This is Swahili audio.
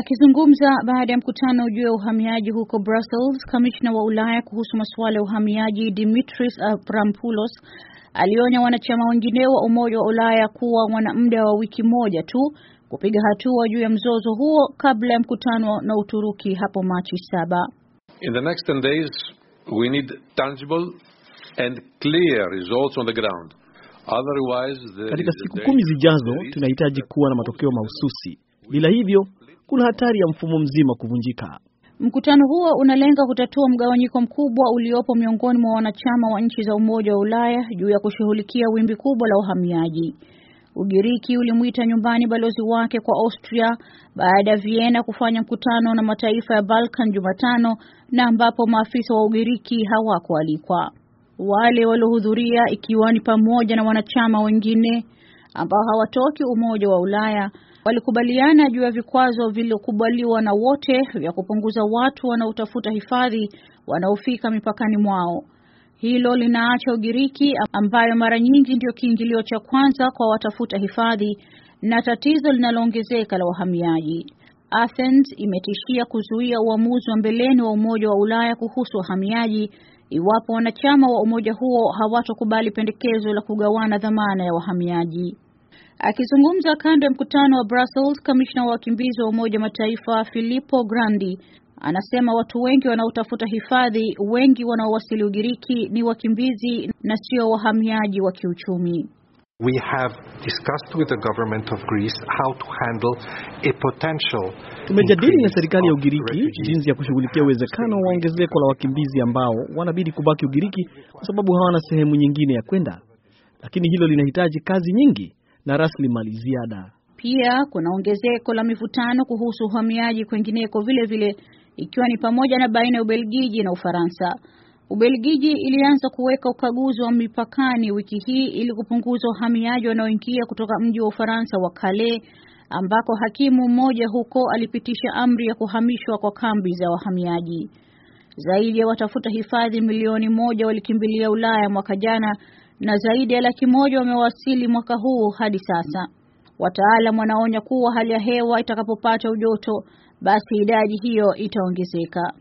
Akizungumza baada ya mkutano juu ya uhamiaji huko Brussels, kamishna wa Ulaya kuhusu masuala ya uhamiaji Dimitris Avramopoulos alionya wanachama wengine wa Umoja wa Ulaya kuwa wana muda wa wiki moja tu kupiga hatua juu ya mzozo huo kabla ya mkutano na Uturuki hapo Machi saba. In the next 10 days we need tangible and clear results on the ground. Otherwise, katika siku kumi zijazo tunahitaji kuwa na matokeo mahususi, bila hivyo kuna hatari ya mfumo mzima kuvunjika. Mkutano huo unalenga kutatua mgawanyiko mkubwa uliopo miongoni mwa wanachama wa nchi za Umoja wa Ulaya juu ya kushughulikia wimbi kubwa la uhamiaji. Ugiriki ulimwita nyumbani balozi wake kwa Austria baada ya Vienna kufanya mkutano na mataifa ya Balkan Jumatano na ambapo maafisa wa Ugiriki hawakualikwa. Wale waliohudhuria ikiwa ni pamoja na wanachama wengine ambao hawatoki Umoja wa Ulaya walikubaliana juu ya vikwazo vilivyokubaliwa na wote vya kupunguza watu wanaotafuta hifadhi wanaofika mipakani mwao. Hilo linaacha Ugiriki ambayo mara nyingi ndio kiingilio cha kwanza kwa watafuta hifadhi na tatizo linaloongezeka la wahamiaji. Athens imetishia kuzuia uamuzi wa mbeleni wa Umoja wa Ulaya kuhusu wahamiaji iwapo wanachama wa umoja huo hawatokubali pendekezo la kugawana dhamana ya wahamiaji. Akizungumza kando ya mkutano wa Brussels, kamishna wa wakimbizi wa Umoja Mataifa Filippo Grandi anasema watu wengi wanaotafuta hifadhi, wengi wanaowasili Ugiriki ni wakimbizi na sio wahamiaji wa kiuchumi. We have discussed with the government of Greece how to handle a potential. Tumejadili na serikali ya Ugiriki jinsi ya kushughulikia uwezekano wa ongezeko la wakimbizi ambao wanabidi kubaki Ugiriki kwa sababu hawana sehemu nyingine ya kwenda, lakini hilo linahitaji kazi nyingi na rasilimali ziada. Pia kuna ongezeko la mivutano kuhusu uhamiaji kwingineko vile vile, ikiwa ni pamoja na baina ya Ubelgiji na Ufaransa. Ubelgiji ilianza kuweka ukaguzi wa mipakani wiki hii ili kupunguza uhamiaji wanaoingia kutoka mji wa Ufaransa wa Calais ambako hakimu mmoja huko alipitisha amri ya kuhamishwa kwa kambi za wahamiaji. Zaidi ya watafuta hifadhi milioni moja walikimbilia Ulaya mwaka jana na zaidi ya laki moja wamewasili mwaka huu hadi sasa. Wataalamu wanaonya kuwa hali ya hewa itakapopata ujoto, basi idadi hiyo itaongezeka.